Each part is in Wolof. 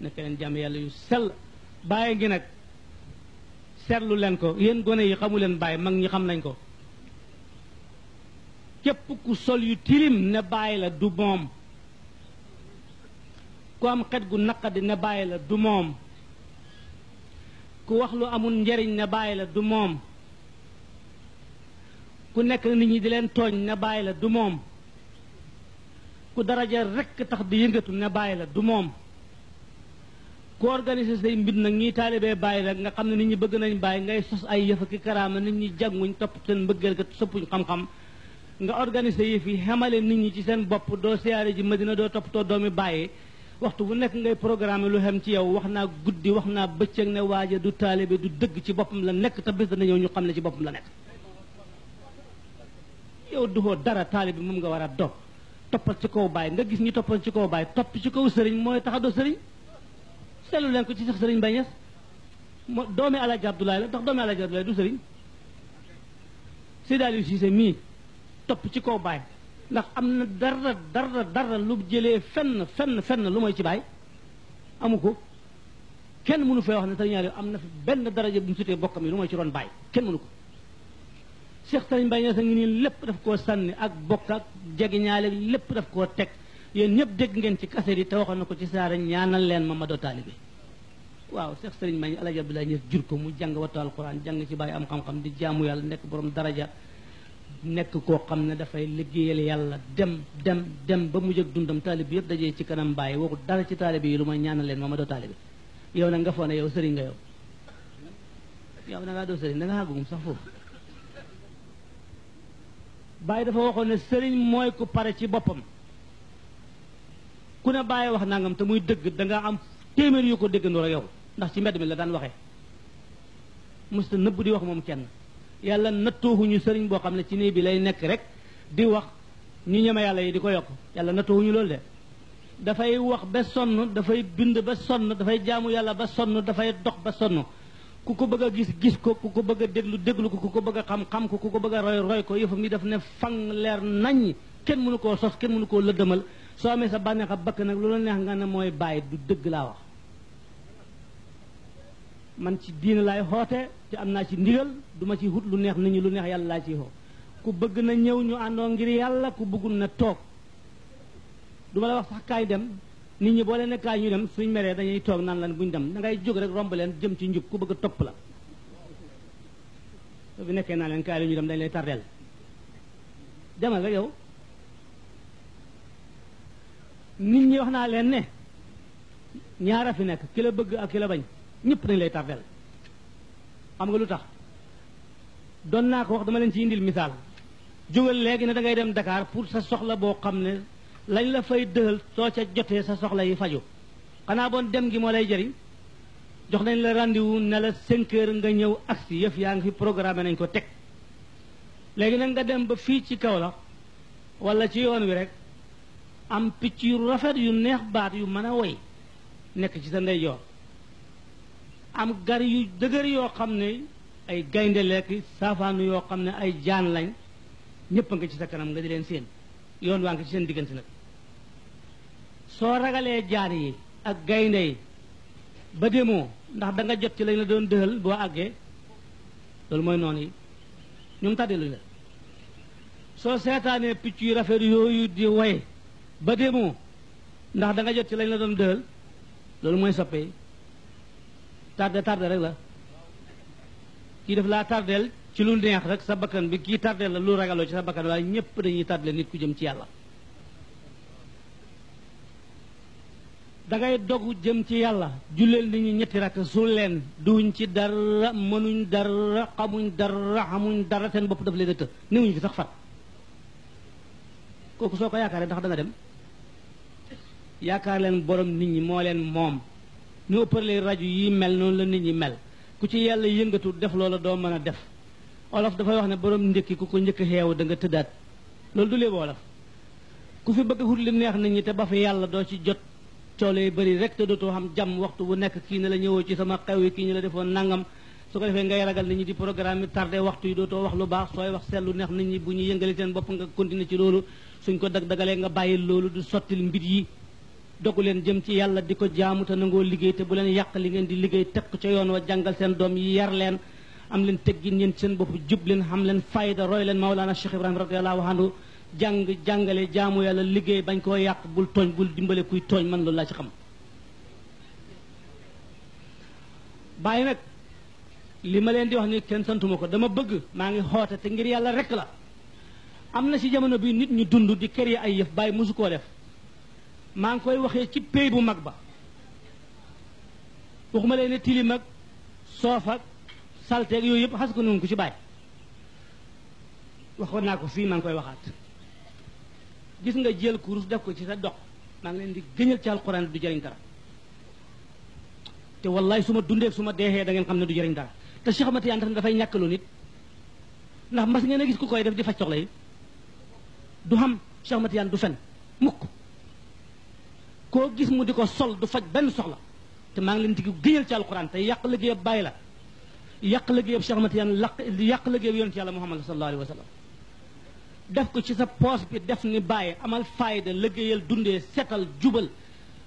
nekk leen jàmm yàlla yu sell bàyyi ngi nag seetlu leen ko yéen gone yi xamu bàyyi mag ñi xam nañ ko képp ku sol yu tilim ne bàyyi la du moom ku am xet gu naqadi ne bàyyi la du moom ku wax lu amul njariñ ne bàyyi la du moom ku nekk nit ñi di leen tooñ ne bàyyi la du moom ku daraja rekk tax di yëngatu ne bàyyi la du moom ku organisé say mbir nag ñiy taalibee bàyyi rek nga xam ne nit ñi bëgg nañ bàyyi ngay sos ay yëf ak karaama nit ñi jànguñ topp seen mbëggeel ka sëppuñ xam-xam nga organisé yëf yi xamale nit ñi ci seen bopp doo siyaare ji madina doo toppatoo doomi bàyyi waxtu bu nekk ngay programme lu xem ci yow wax naa guddi wax naa bëccëg ne waaja du taalibe du dëgg ci boppam la nekk te bés dana ñëw ñu xam ne ci boppam la nekk yow duhoo dara taalibe moom nga war a doog toppal ci kaw bàyyi nga gis ñi toppal ci kaw bàyyi topp ci kaw sëriñ mooy tax doo sëriñ seetlu leen ko ci Cheikh Serigne Baye Niass mo doomi Alaaji Abdoulaye la ndax doomi Alaaji Abdoulaye du Serigne Seydi Aliou Cissé mii topp ci kaw Baye ndax am na dara dara dara lu jëlee fenn fenn fenn lu mooy ci Baye amu ko kenn mënu fee wax ne Serigne Aliou am na fi benn daraja bu mu sutee bokkam yi lu mooy ci ron Baye kenn mënu ko Cheikh Serigne Baye a ngi nii lépp daf koo sànni ak bokk ak jegeñaale lépp daf koo teg yéen ñëpp dégg ngeen ci kaset yi te waxoon na ko ci saara ñaanal leen ma ma doo taalibe waaw Seex Sëriñ May Alaaji Abdoulaye Niass jur ko mu jàng wattu alxuraan jàng ci bàyyi am xam-xam di jaamu yàlla nekk borom daraja nekk koo xam ne dafay liggéeyal yàlla dem dem dem ba mu jëg dundam taalibe yëpp dajee ci kanam bàyyi waxul dara ci taalibe yi lu may ñaanal leen ma ma doo taalibe yow nag nga foog ne yow sëriñ nga yow yow na ngaa doo sëriñ da nga àggum sax foofu bàyyi dafa ne sëriñ mooy ku pare ci boppam ku ne bàyyi wax nangam te muy dëgg da am téeméer yu ko déggandoo yow ndax ci mbedd mi la daan waxee musta nëbb di wax moom kenn yàlla nattooxuñu sëriñ boo xam ne ci néeg bi lay nekk rek di wax ñu ñeme yàlla yi di ko yokk yàlla ñu loolu de dafay wax ba sonn dafay bind ba sonn dafay jaamu yàlla ba sonn dafay dox ba sonn ku ko bëgg a gis gis ko ku ko bëgg a déglu déglu ko ku ko bëgg a xam-xam ko ku ko bëgg a roy roy ko yëfam yi daf ne fang leer naññ kenn mënu koo sos kenn mënu koo lëddëmal soo amee sa bànneexa bakk nag lu neex nga ne mooy bàyyi du dëgg laa wax man ci diine laay xoote te am naa ci ndigal duma ci hut lu neex nit ñi lu neex yàlla laa ciy xoo ku bëgg na ñëw ñu àndoo ngir yàlla ku bëggul na toog duma la wax sax kaay dem nit ñi boo leen ne kaay ñu dem suñ meree dañuy toog naan bu ñu dem dangay ngay jóg rek romb leen jëm ci njub ku bëgg topp la soo fi nekkee naa leen kaay lu ñu dem dañ lay tardeel demal rek yow nit ñi wax naa leen ne ñaara fi nekk ki la bëgg ak ki la bañ ñëpp nañ lay tardel xam nga lu tax doon naa ko wax dama leen ci indil misaal jógal léegi ne dangay dem dakaar pour sa soxla boo xam ne lañ la fay dëhal soo ca jotee sa soxla yi faju xanaa boon dem gi moo lay jëriñ jox nañ la rendez-vous ne la 5 heures nga ñëw agsi yëf yaa ngi fi programmé nañ ko teg léegi nag nga dem ba fii ci kaw la wala ci yoon wi rek am picc yu rafet yu neex baat yu mën a woy nekk ci sa ndeyjoor am gar yu dëgër yoo xam ne ay gaynde lekk saafaanu yoo xam ne ay jaan lañ ñëpp a nga ci sa kanam nga di leen seen yoon waa ngi ci seen diggante nag soo ragalee jaan yi ak gaynde yi ba demoo ndax da jot ci lañ la doon dëxal boo àggee loolu mooy noonu yi ñoom tàddeelu la soo seetaanee picc yu rafet yooyu di woy ba demo ndax da nga jot ci lañ la doon deul lolu moy sappé tardé tardé rek la ki def la tardel ci lu neex rek sa bakkan bi ki tardel la lu ragalo ci sa bakkan way ñepp dañuy tardel nit ku jëm ci yalla da ngay dogu jëm ci yalla julleel nit ñi ñetti rak su leen duñ ci dara mënuñ dara xamuñ dara xamuñ dara seen bop daf leen fi sax fat ndax da nga dem yaakaar leen borom nit ñi moo leen moom ñu ëppale rajo yi mel noonu la nit ñi mel ku ci yàlla yëngatu def loola doo mën def olof dafay wax ne borom ndékki ku ko njëkk xeew da nga tëddaat loolu du léeb olof ku fi bëgg xut li neex nit ñi te ba fa yàlla doo ci jot coole yu bëri rek te dootoo xam jam waxtu bu nekk kii na la ñëwoo ci sama xew yi kii ñu la defoon nangam su ko defee ngay ragal nit ñi di programme tardé waxtu yi dootoo wax lu baax sooy wax sellu neex nit ñi bu ñu yëngali seen bopp nga continuer ci loolu suñ ko dag dagalee nga bàyyi loolu du sottil mbir yi dogu leen jëm ci yàlla di ko jaamu te nangoo liggéey te bu leen yàq li ngeen di liggéey teg ko ca yoon wa jàngal seen doom yi yar leen am leen teggin yéen seen bopp jub leen xam leen fayda roy leen Maulana Cheikh Ibrahima radiyallahu anhu jàng jàngale jaamu yàlla liggéey bañ koo yàq bul tooñ bul dimbale kuy tooñ man loolu laa ci xam. bàyyi nag li ma leen di wax ni kenn santuma ko dama bëgg maa ngi xoote te ngir yàlla rek la am na ci jamono bi nit ñu dund di kër yi ay yëf bàyyi mosu koo def. maa ngi koy waxee ci pay bu mag ba waxuma leen ne tilim ak soof ak salteeg yooyu yëpp xas ko ko ci bàyyi waxoon naa ko fii maa ngi koy waxaat gis nga jël kurus def ko ci sa dox maa ngi leen di gëñal ci alquran du jëriñ dara te wallahi suma dundee suma deexee da ngeen xam ne du jëriñ dara te Cheikh Mati Anta dafay lu nit ndax mas ngeen a gis ku koy def di faj soxla yi du xam Cheikh Mati du fen mukk koo gis mu di ko sol du faj benn soxla te maa ngi leen di gëñal ci alquran te yàq liggéeyam bàyyi la yàq liggéeyam Cheikh Ahmad Tidiane laq yàq liggéeyam yonent yàlla Muhammad sallallahu alayhi wa sallam def ko ci sa poos def ni bàyyi amal fayda liggéeyal dundee setal jubal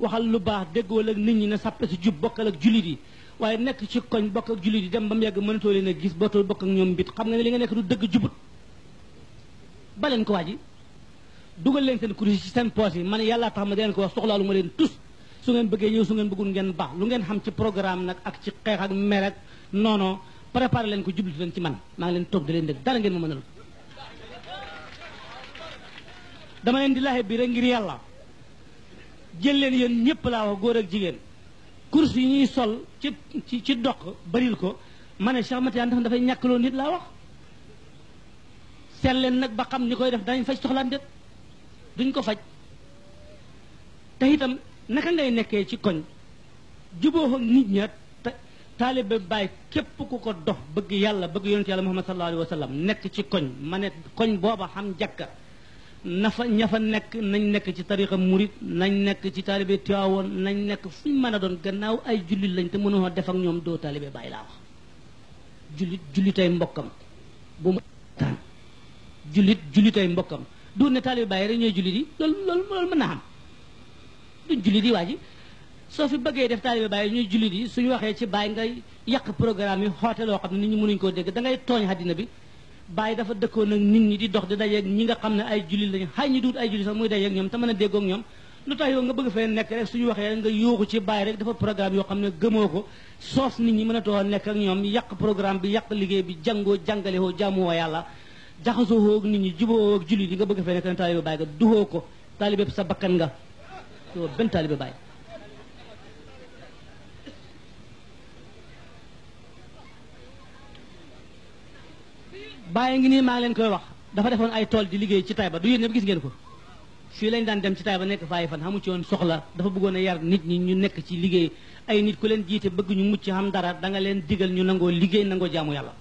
waxal lu baax déggool ak nit ñi ne sàppe si jub bokkal ak jullit yi waaye nekk ci koñ bokk ak jullit yi dem ba mu yàgg mënatoo leen a gis bootoo bokk ak ñoom mbit xam nga ne li nga nekk du dëgg jubut baleen ko waa ji dugal leen seen kuréel ci seen poche yi man yàlla tax ma di ko wax soxlaalu ma leen tus su ngeen bëggee ñëw su ngeen bëggul ngeen baax lu ngeen xam ci programme nag ak ci xeex ak mer ak noono préparé leen ko jublu leen ci man maa ngi leen toog di leen dégg dara ngeen ma mënal dama leen di laxe bi rek ngir yàlla jël leen yéen ñëpp laa wax góor ak jigéen course yi ñuy sol ci ci ci doq baril ko ma ne Cheikh Matiane dafa dafay ñàkkaloo nit laa wax seet leen nag ba xam ni koy def dañ fay soxlaan déet duñ ko faj te itam naka ngay nekkee ci koñ juboo ak nit ña taalibe baay képp ku ko dox bëgg yàlla bëgg yonent yàlla muhammad sallallahu alayhi wa nekk ci koñ ma ne koñ booba xam jàkka na fa ña fa nekk nañ nekk ci tariqa murit nañ nekk ci taalibe Tiwaawoon nañ nekk fu ñu mën a doon gannaaw ay jullit lañ te mënoo def ak ñoom doo taalibe bàyyi laa wax jullit jullitay mbokkam bu mu jullit jullitay mbokkam doon ne taalibe Baay rek ñooy jullit yi loolu loolu loolu mën naa xam duñ jullit yi waa ji soo fi bëggee def taalibe Baay ñooy jullit yi suñu waxee ci Baay nga yàq programme yi xoote loo xam ne nit ñi mënuñ koo dégg da ngay tooñ àddina bi Baay dafa dëkkoon ak nit ñi di dox di dajeeg ñi nga xam ne ay jullit lañu xay ñi duut ay jullit sax muy dajeeg ñoom te mën a déggoo ak ñoom lu tax yow nga bëgg fee nekk nga yóoxu ci Baay rek dafa programme yoo xam ne gëmoo ko soos nit ñi mën a too nekk ak ñoom yàq programme bi yàq liggéey bi jàngoo jàngalewoo jaamuwoo yàlla jaxasoo hoog nit ñi juboo ak jullit yi nga bëgg fee nekk na taalibe bàyyi nga duhoo ko taalibe sa bakkan nga doo benn taalibe bàyyi bàyyi ngi nii maa ngi leen koy wax dafa defoon ay tool di liggéey ci Taïba du yéen ñëpp gis ngeen ko fii lañ daan dem ci ba nekk faayi fan xamu ci woon soxla dafa bëggoon a yar nit ñi ñu nekk ci liggéey ay nit ku leen jiite bëgg ñu mucc xam dara da nga leen digal ñu nangoo liggéey nangoo jaamu yàlla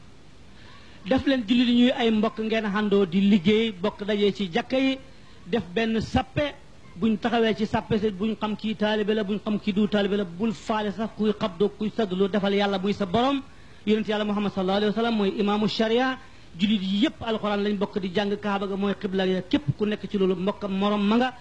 def leen jullit ñuy ay mbokk ngeen àndoo di liggéey bokk dajee ci jàkka yi def benn sappe buñ taxawee ci sappe si buñ xam kii taalibe la buñ xam kii du taalibe la bul faale sax kuy xab xabdoo kuy saddlu defal yàlla muy sa borom yonent yàlla muhammad sallallahu alayhi wa sallam mooy imaamu sharia jullit yi yépp alxuraan lañ bokk di jàng kaaba ga mooy xibla ya képp ku nekk ci loolu mbokkam morom ma nga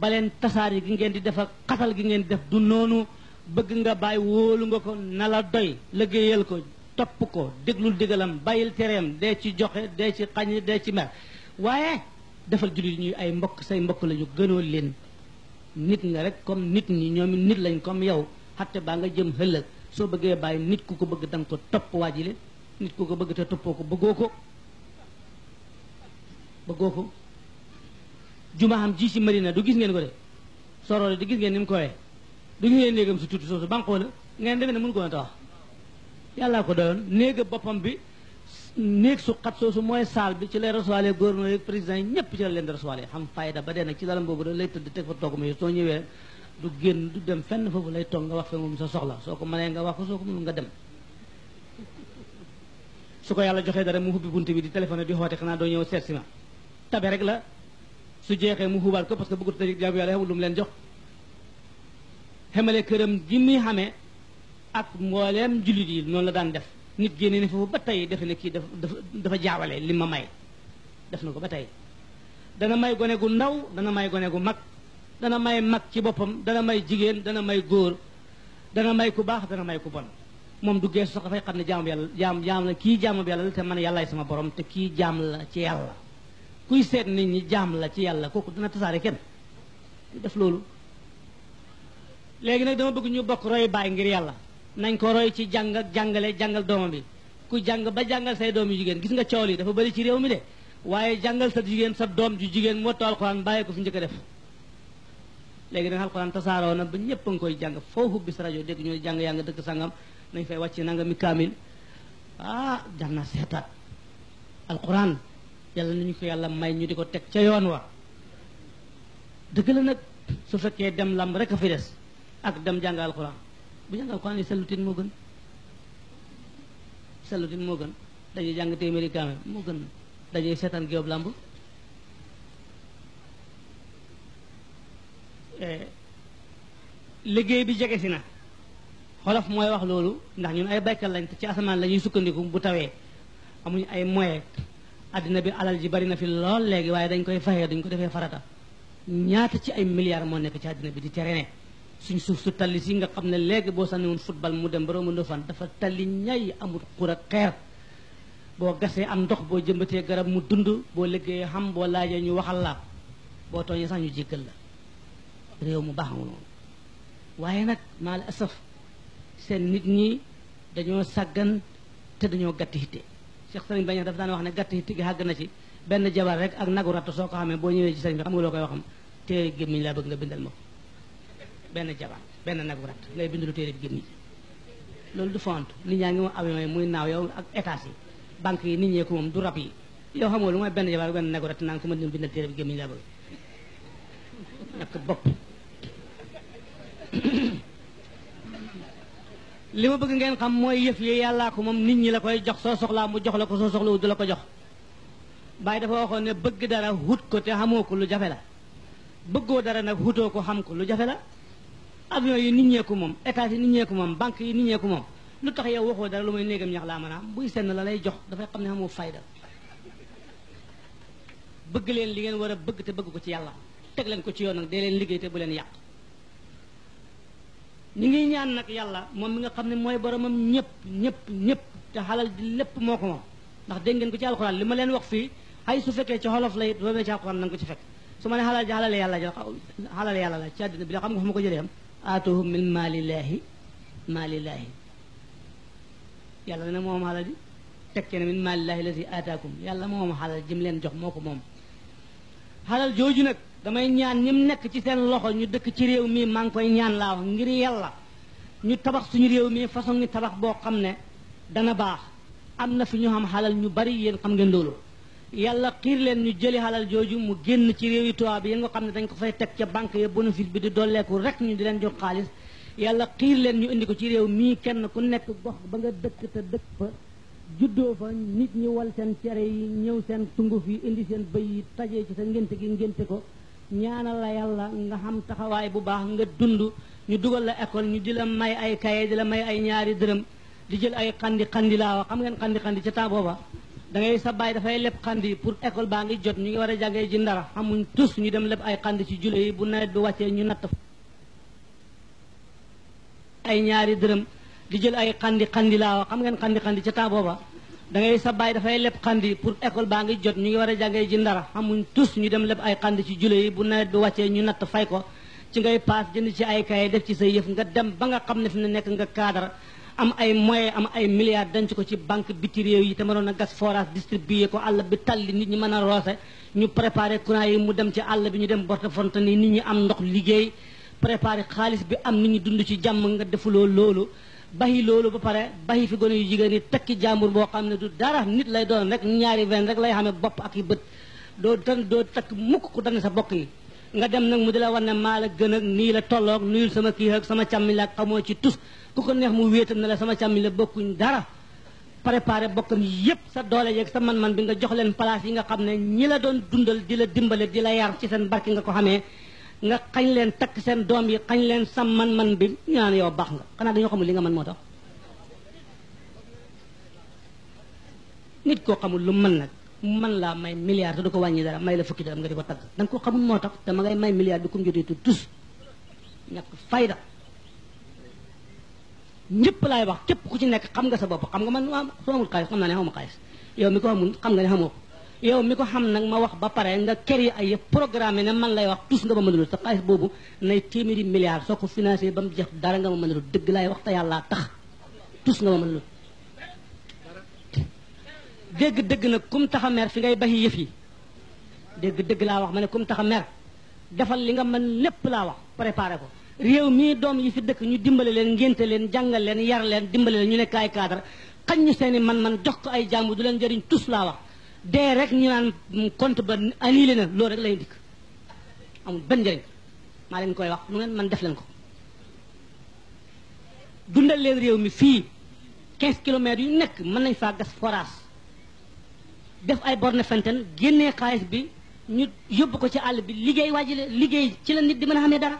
baleen tasaari gi ngeen di def ak gi ngeen di def du noonu bëgg nga bàyyi wóolu nga ko na la doy liggéeyal ko topp ko déglul digalam bàyyil tereem dee ci joxe dee ci xañ dee ci mer waaye defal jullit ñuy ay mbokk say mbokk lañu gënoo leen nit nga rek comme nit ñi ñoom nit lañ comme yow xatte baa nga jëm ëllëg soo bëggee bàyyi nit ku ko bëgg danga ko topp waajile nit ku ko bëgg te toppoo ko bëggoo ko bëggoo ko jumaa am ji ci marina du gis ngeen ko de sorole di gis ngeen ni mu koowee du gis ngeen néegam si tuuti soosu banqoo la ngeen defe ne mënu ko yàllaa ko doyoon néega boppam bi néeg su xat su mooy saal bi ci lay recevoir gouverneur yi président yi ñépp ci la leen di recevoir xam fayda ba dee nag ci dalam boobu da lay tëdd teg fa toog ma soo ñëwee du génn du dem fenn foofu lay toog nga wax fa moom sa soxla soo ko mënee nga wax ko soo ko mënul nga dem su ko yàlla joxee dara mu ubbi bunt bi di téléphoné di xoote xanaa doo ñëw seet si ma tabe rek la su jeexee mu xubaat ko parce que bëggut tëj jaamu yàlla xamul lu mu leen xamee ak mbooleem jullit yi noonu la daan def nit génne na foofu ba tey defe ne kii dafa dafa jaawale li ma may def na ko ba tey dana may gone gu ndaw dana may gone gu mag dana may mag ci boppam dana may jigéen dana may góor dana may ku baax dana may ku bon moom duggee geesu sax dafay xam ne jaamu yàlla jaam jaam la kii jaamu yàlla la te man yàllaay sama borom te kii jaam la ci yàlla kuy seet nit ñi jaam la ci yàlla kooku dana tasaare kenn loolu léegi nag dama bëgg ñu bokk roy baay ngir yàlla nañ ko roy ci jàng ak jàngale jàngal doomam bi ku jàng ba jàngal say doom yu jigéen gis nga coow yi dafa bari ci réew mi de waaye jàngal sa jigéen sa doom ju jigéen moo tax alxuraan bàyyi ko fi njëkk a def léegi nag alxuraan tasaaroo ba ñëpp a ngi koy jàng foofu bis rajo dégg ñu jàng yaa nga dëkk sangam nañ fay wàcc nanga mi kaamil ah jar naa seetaat alxuraan yàlla nañu ko yàlla may ñu di ko teg ca yoon wa dëgg la nag su fekkee dem lamb rek a fi ak dem jàng alxuraan bu ñu ko ne salutin moo gën salutin mo gën dañuy jàng téeméeri kaame mo gën dañuy seetaan géob eh, làmb liggéey bi jege si na xolof mooy wax loolu ndax ñun ay baykat lañ te ci asamaan la ñuy sukkandiku bu tawee amuñu ay moye adina bi alal ji bari na fi lool léegi waaye dañ koy fayee duñ ko defee farata ñaata ci ay milliards moo nekk ci adina bi di terene suñ suuf su tali si nga xam ne léegi boo sànni woon football ya ya ya mu dem boroomu ndofan dafa tali ñay amul xur ak xeer boo gasee am ndox boo jëmbatee garab mu dund boo liggéeyee xam boo laajee ñu waxal la boo tooñee sax ñu jéggal la réew mu baax noonu waaye nag maal asaf seen nit ñi dañoo sàggan te dañoo gàtt hitte cheikh sëriñ baña dafa daan wax ne gàtt hitte gi àgg na ci benn jabar rek ak nagu ratt soo ko xamee boo ñëwee ci sëriñ bi xam nga loo koy waxam te gémmiñ laa bëgg nga bindal ma benn jabar benn nag bu rat ngay bind lu téere bi génn loolu du font nit ñaa ngi moom avion yi muy naaw yow ak étage yi banque yi nit ñee ko moom du rab yi yow xam nga lu mooy benn jabar benn nag bu rat naan ko mën nim bindal téere bi gémmiñ laa bëgg ñàkk bëgg ngeen xam mooy yëf yi yàllaa ko moom nit ñi la koy jox soo soxlaa mu jox la ko soo soxla du la ko jox bàyyi dafa waxoon ne bëgg dara wut ko te xamoo ko lu jafe la bëggoo dara nag wutoo ko xam ko lu jafe la avion yi nit ñee ko moom état yi nit ñee ko moom banque yi nit ñee ko moom lu tax yow waxoo dara lu may néegam ñax laa mën a am buy senn la lay jox dafay xam ne amoo fayda bëgg leen li ngeen war a bëgg te bëgg ko ci yàlla teg leen ko ci yoon nag dee leen liggéey te bu leen yàq ñi ngi ñaan nag yàlla moom mi nga xam ne mooy boromam ñëpp ñëpp ñëpp te xalal di lépp moo ko moom ndax dégg ngeen ko ci alxuraan li ma leen wax fii ay su fekkee ci xolof lay doomee ci na ko ci fekk su ma ne xalal ji xalal yàlla ji xalal la ci bi la xam nga fu ko jëlee aatuhum min maalillaahi maalillaahi yàlla dana moom xalal ji tekkee ne min maalillaahi la si aataakum yàlla moom xalal jim leen jox moo ko moom xalal jooju nag damay ñaan ñim nekk ci seen loxo ñu dëkk ci réew mi maa ngi koy ñaan laa wax ngir yàlla ñu tabax suñu réew mi façon ni tabax boo xam ne dana baax am na fi ñu xam xalal ñu bari yéen xam ngeen loolu yàlla xiir leen ñu jëli xalal jooju mu génn ci réew yi tubaab yi nga xam ne dañ ko fay teg ca banque ya bénéfice bi di dolleeku rek ñu di leen jox xaalis yàlla xiir leen ñu indi ko ci réew mii kenn ku nekk gox ba nga dëkk te dëkk fa juddoo fa nit ñi wal seen cere yi ñëw seen tunguf yi indi seen bëy yi tajee ci sa ngénte gi ngénte ko ñaanal la yàlla nga xam taxawaay bu baax nga dund ñu dugal la école ñu di la may ay kaye di la may ay ñaari dërëm di jël ay xandi xandi laa wax xam ngeen ca temps booba da ngay sa baay dafay leb xandi pour école baa ngi jot ñu ngi war a jàngee ji ndara xamuñ tus ñu dem leb ay xandi ci jule yi bu nawet bi wàccee ñu natt ay ñaari dërëm di jël ay xandi xandi laa wax ngeen xandi xandi ca temps booba da ngay sa baay dafay leb xandi pour école baa ngi jot ñu ngi war a jàngee ji ndara xamuñ tus dem leb ay xandi ci jule bu nawet bi wàccee ñu natt fay ko ci ngay paas jënd ci ay kaye def ci sa yëf nga dem ba nga xam ne fi ne nekk nga kaadara am ay moyens am ay milliards denc ko ci banque bi ci réew yi te mënoon a gas forage distribuer ko àll bi li nit ñi mën a roose ñu préparé courant yi mu dem ci àll bi ñu dem borte fontaine yi nit ñi am ndox liggéey préparé xaalis bi am nit ñi dund ci jàmm nga defuloo loolu bayi loolu ba pare bayi fi gone yu jigéen yi tekki jàmbur boo xam ne du dara nit lay doon rek ñaari ven rek lay xamee bopp ak yi bët doo tan doo takk mukk ko dana sa bokk yi nga dem nak mu dila wone mala gën ak ni la tolok nuyul sama ki ak sama chammi la xamo ci tous ku ko neex mu wéetal na la sama chammi la bokkuñ dara préparé bokkam yépp sa doole yeeg sa man-man bi nga jox leen place yi nga xam ñi la doon dundal dila dimbalé dila yar ci sen barke nga ko xamé nga xañ leen tak sen doom yi xañ leen sa man-man bi ñaan naan yow baax nga xana dañu xamul li nga man motax nit ko xamul lu man nak man la may milliard du ko wañi dara may la fukki dara nga diko tag dang ko xamul motax te ma ngay may milliard du ko tu tus ñak fayda ñepp lay wax kep ku ci nek xam nga sa bop xam nga man wa su xay xam na ne xamuma xaalis yow mi ko amul xam nga ne xamoo yow mi ko xam nak ma wax ba pare nga kër yi ay programme ne man lay wax tus nga ba mënul sa xaalis bobu nay téeméeri milliard soko financer bam ba jeex dara nga ma mënul deug lay wax ta yalla tax tus nga ma mënul dégg dëgg nag comme tax a fi ngay baxi yëf yi dégg dëgg laa wax ma ne kum tax a defal li nga man lépp laa wax préparé ko réew mii doom yi fi dëkk ñu dimbale leen ngénte leen jàngal leen yar leen dimbale leen ñu nekk ay cadre xañ ñu seeni man-man jox ko ay jàmb du leen jëriñ tus laa wax dee rek ñu naan mm, compte ba annulé na loolu rek lay dikk amul benn njëriñ maa leen koy wax nu ngeen man def leen ko dundal leen réew mi fii quinze kilomètres yu nekk mën nañ faa gas def ay borne fenten génnee xaalis bi ñu yóbbu ko ci àll bi liggéey waa ji liggéey ci la nit di mën a ne dara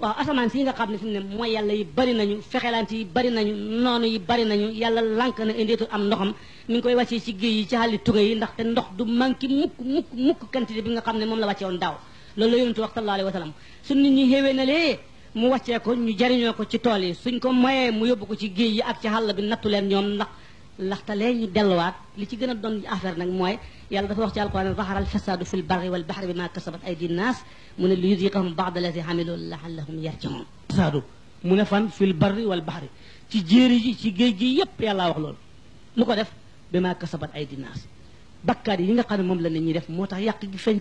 waaw asamaan si nga xam ne fi mu ne mooy yàlla yi bari nañu fexelant yi bari nañu noonu yi bari nañu yàlla lànk na indeetu am ndoxam mi ngi koy wàccee ci géej yi ci xàlli tuga yi ndax te ndox du manqué mukk mukk mukk quantité bi nga xam ne moom la wàcce woon daaw loolu la yonentu wax sallallahu alayhi wa sallam su nit ñi xéwee na lee mu wàccee ko jariñoo ko ci tool yi suñ ko mayee mu yóbbu ko ci géej yi ak ci xàll bi nattu leen ñoom ndax لخت لي دلوات لي سي غنا دون افير نك موي يالا دا فا وخ ظهر الفساد في البر والبحر بما كسبت ايدي الناس من اللي يذيقهم بعض الذي حملوا لعلهم يرجعون فساد من فان في البر والبحر تي جيري جي سي جي جي ييب يالا بما كسبت ايدي الناس بكار ييغا خا نم لا ني ديف موتا ياك جي فان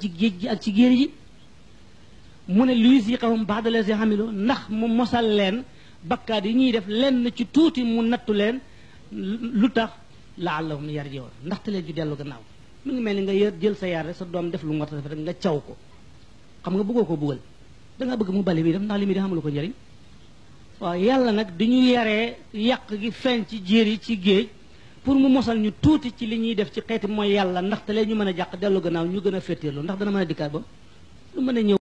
من اللي يذيقهم بعض الذي حملوا نخ مو مسلن بكار لن سي توتي مو lu tax laallahum yarji'un ndaxte leen ju dellu gannaaw mu ngi mel ni nga yër jël sa yaar rek sa doom def lu mu war a def rek nga caw ko xam nga buggoo ko bugal danga bëgg mu bale bi dem ndax li muy def amul ko njëriñ waaw yàlla nag di ñu yaree yàq gi feeñ ci jéer yi ci géej pour mu mosal ñu tuuti ci li ñuy def ci xeeti mooy yàlla ndaxte leen ñu mën a jàq dellu gannaaw ñu gën a féeteerlu ndax dana mën a dikkaat ba lu mën a ñëw